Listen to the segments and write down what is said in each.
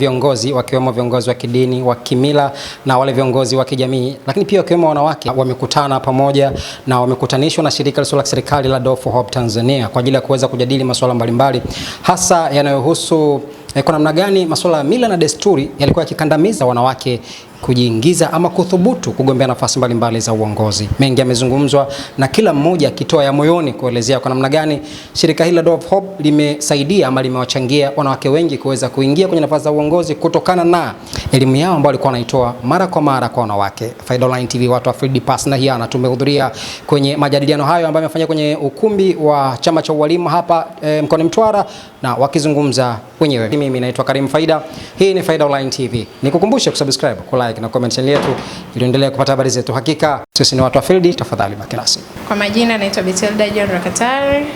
viongozi wakiwemo viongozi wa kidini, wa kimila na wale viongozi wa kijamii, lakini pia wakiwemo wanawake wamekutana pamoja na wamekutanishwa na shirika lisilo la serikali la Door for Hope Tanzania kwa ajili ya kuweza kujadili masuala mbalimbali hasa yanayohusu Eh, kwa namna gani masuala ya mila na desturi yalikuwa yakikandamiza wanawake kujiingiza ama kuthubutu kugombea nafasi mbalimbali za uongozi. Mengi yamezungumzwa na kila mmoja akitoa ya moyoni kuelezea kwa namna gani shirika hili la Door of Hope limesaidia ama limewachangia wanawake wengi kuweza kuingia kwenye nafasi za uongozi kutokana na elimu yao ambayo alikuwa anaitoa mara kwa mara kwa wanawake. Faida Online TV, watu wa Fred Pass na hiana, tumehudhuria kwenye majadiliano hayo ambayo amefanya kwenye ukumbi wa chama cha ualimu hapa e, mkoani Mtwara na wakizungumza wenyewe. Mimi naitwa Karim Faida, hii ni Faida Online TV. Nikukumbushe kusubscribe, ku like na comment channel yetu ili endelee kupata habari zetu. Hakika sisi ni watu wa Fred, tafadhali baki nasi. Kwa majina naitwa Betelda John Rakatari.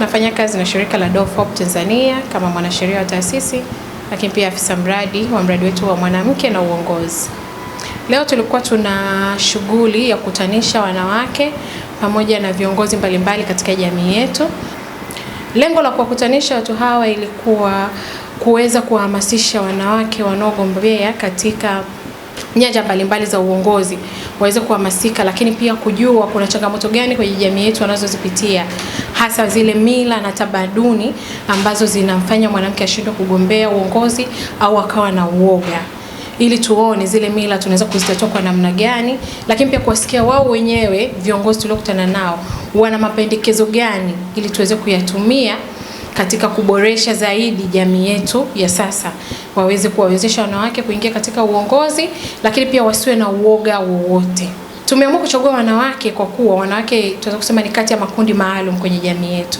nafanya kazi na shirika la Door Hope Tanzania kama mwanasheria wa taasisi lakini pia afisa mradi wa mradi wetu wa mwanamke na uongozi. Leo tulikuwa tuna shughuli ya kukutanisha wanawake pamoja na viongozi mbalimbali mbali katika jamii yetu. Lengo la kuwakutanisha watu hawa ilikuwa kuweza kuwahamasisha wanawake wanaogombea katika nyanja mbalimbali za uongozi waweze kuhamasika, lakini pia kujua kuna changamoto gani kwenye jamii yetu wanazozipitia, hasa zile mila na tamaduni ambazo zinamfanya mwanamke ashindwe kugombea uongozi au akawa na uoga ili tuone zile mila tunaweza kuzitatua kwa namna gani, lakini pia kuwasikia wao wenyewe viongozi tuliokutana nao wana mapendekezo gani, ili tuweze kuyatumia katika kuboresha zaidi jamii yetu ya sasa waweze kuwawezesha wanawake kuingia katika uongozi, lakini pia wasiwe na uoga wowote. Tumeamua kuchagua wanawake kwa kuwa wanawake tunaweza kusema ni kati ya makundi maalum kwenye jamii yetu,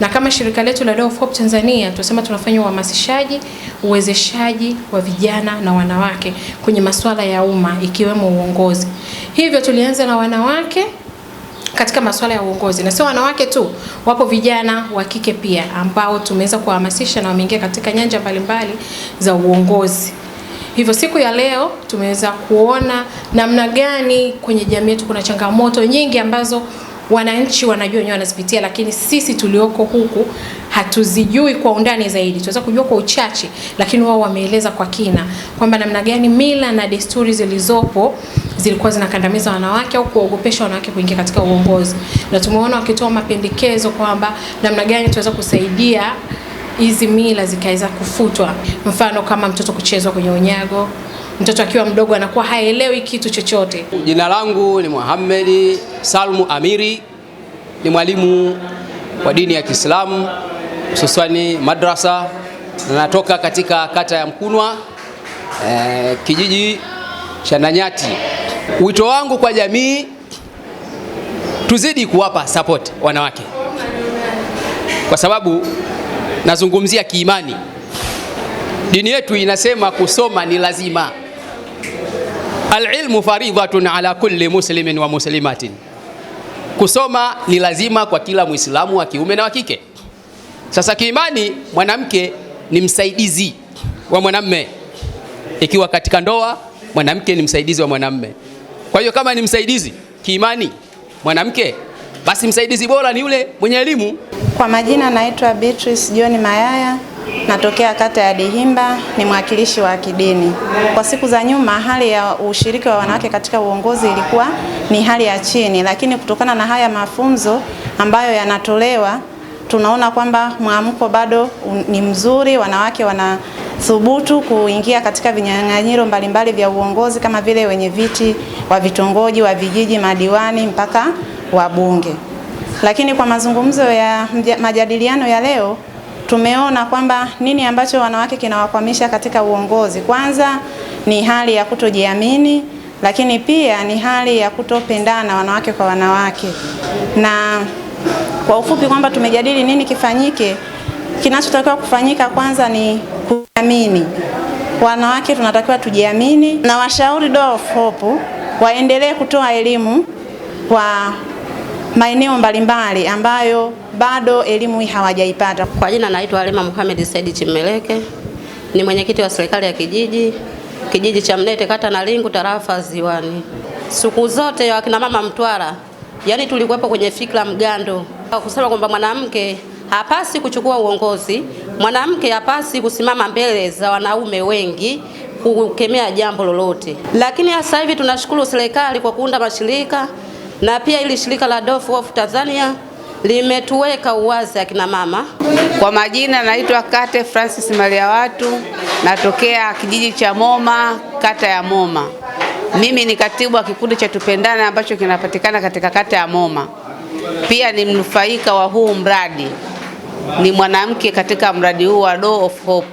na kama shirika letu la Dawa of Hope Tanzania tunasema tunafanya uhamasishaji, uwezeshaji wa vijana na wanawake kwenye masuala ya umma ikiwemo uongozi. Hivyo tulianza na wanawake katika masuala ya uongozi, na sio wanawake tu, wapo vijana wa kike pia ambao tumeweza kuwahamasisha na wameingia katika nyanja mbalimbali za uongozi. Hivyo siku ya leo tumeweza kuona namna gani kwenye jamii yetu kuna changamoto nyingi ambazo wananchi wanajua wenyewe wanazipitia, lakini sisi tulioko huku hatuzijui kwa undani zaidi. Tunaweza kujua kwa uchache, lakini wao wameeleza kwa kina kwamba namna gani mila na desturi zilizopo zilikuwa zinakandamiza wanawake au kuwaogopesha wanawake kuingia katika uongozi, na tumeona wakitoa mapendekezo kwamba namna gani tunaweza kusaidia hizi mila zikaweza kufutwa. Mfano kama mtoto kuchezwa kwenye unyago, mtoto akiwa mdogo anakuwa haelewi kitu chochote. Jina langu ni Muhamedi Salmu Amiri, ni mwalimu wa dini ya Kiislamu hususani madrasa, na natoka katika kata ya Mkunwa eh, kijiji cha Nanyati. Wito wangu kwa jamii, tuzidi kuwapa support wanawake, kwa sababu nazungumzia kiimani. Dini yetu inasema kusoma ni lazima, alilmu faridhatun ala kulli muslimin wa muslimatin, kusoma ni lazima kwa kila Muislamu wa kiume na wa kike. Sasa kiimani, mwanamke ni msaidizi wa mwanamme, ikiwa katika ndoa mwanamke ni msaidizi wa mwanamme. Kwa hiyo kama ni msaidizi kiimani mwanamke, basi msaidizi bora ni yule mwenye elimu. Kwa majina naitwa Beatrice John Mayaya, natokea kata ya Dihimba, ni mwakilishi wa kidini. Kwa siku za nyuma, hali ya ushiriki wa wanawake katika uongozi ilikuwa ni hali ya chini, lakini kutokana na haya mafunzo ambayo yanatolewa tunaona kwamba mwamko bado ni mzuri, wanawake wana thubutu kuingia katika vinyang'anyiro mbalimbali vya uongozi kama vile wenye viti wa vitongoji, wa vijiji, madiwani mpaka wabunge. Lakini kwa mazungumzo ya majadiliano ya leo tumeona kwamba nini ambacho wanawake kinawakwamisha katika uongozi. Kwanza ni hali ya kutojiamini, lakini pia ni hali ya kutopendana wanawake kwa wanawake. Na kwa ufupi kwamba tumejadili nini kifanyike. Kinachotakiwa kufanyika kwanza ni kujiamini. Wanawake tunatakiwa tujiamini, na washauri Door of Hope waendelee kutoa elimu kwa maeneo mbalimbali ambayo bado elimu hii hawajaipata. Kwa jina naitwa Halima Mohamed Said Chimeleke, ni mwenyekiti wa serikali ya kijiji kijiji cha Mnete, kata Nalingu, tarafa Ziwani. Siku zote wakina mama Mtwara, yani tulikuwepo kwenye fikra mgando kusema kwamba mwanamke hapasi kuchukua uongozi Mwanamke hapasi kusimama mbele za wanaume wengi kukemea jambo lolote, lakini sasa hivi tunashukuru serikali kwa kuunda mashirika na pia ili shirika la Dof of Tanzania limetuweka uwazi akina mama. Kwa majina naitwa Kate Francis Maria Watu, natokea kijiji cha Moma, kata ya Moma. Mimi ni katibu wa kikundi cha Tupendane ambacho kinapatikana katika kata ya Moma, pia ni mnufaika wa huu mradi ni mwanamke katika mradi huu wa Door of Hope.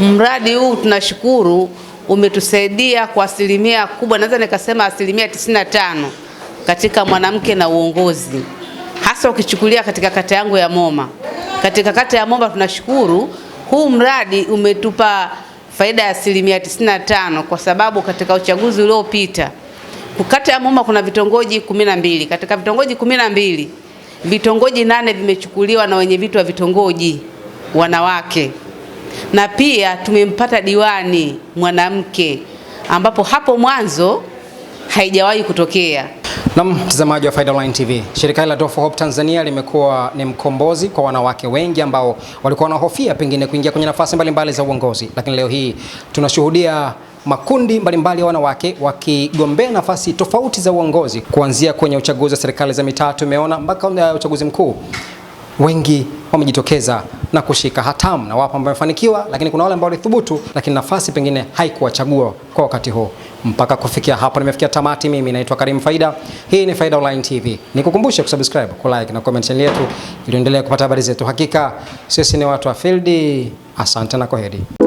Mradi huu tunashukuru umetusaidia kwa asilimia kubwa, naweza nikasema asilimia tisini tano katika mwanamke na uongozi, hasa ukichukulia katika kata yangu ya Moma. Katika kata ya Moma tunashukuru huu mradi umetupa faida ya asilimia tisini tano kwa sababu katika uchaguzi uliopita kata ya Moma kuna vitongoji kumi na mbili katika vitongoji kumi na mbili vitongoji nane vimechukuliwa na wenye vitu wa vitongoji wanawake, na pia tumempata diwani mwanamke, ambapo hapo mwanzo haijawahi kutokea. Na mtazamaji wa Faida Online TV, shirika la Door for Hope Tanzania limekuwa ni mkombozi kwa wanawake wengi ambao walikuwa wanahofia pengine kuingia kwenye nafasi mbalimbali za uongozi, lakini leo hii tunashuhudia makundi mbalimbali ya wanawake wakigombea nafasi tofauti za uongozi kuanzia kwenye uchaguzi wa serikali za mitaa tumeona mpaka eh, uchaguzi mkuu, wengi wamejitokeza na kushika hatamu, na wapo ambao wamefanikiwa, lakini kuna wale ambao walithubutu, lakini nafasi pengine haikuwachagua kwa wakati huo. Mpaka kufikia hapo nimefikia tamati. Mimi naitwa Karim Faida, hii ni Faida Online TV. Nikukumbushe kusubscribe, ku like na comment yetu ili kupata habari zetu. Hakika sisi ni watu wa field. Asante na kwaheri.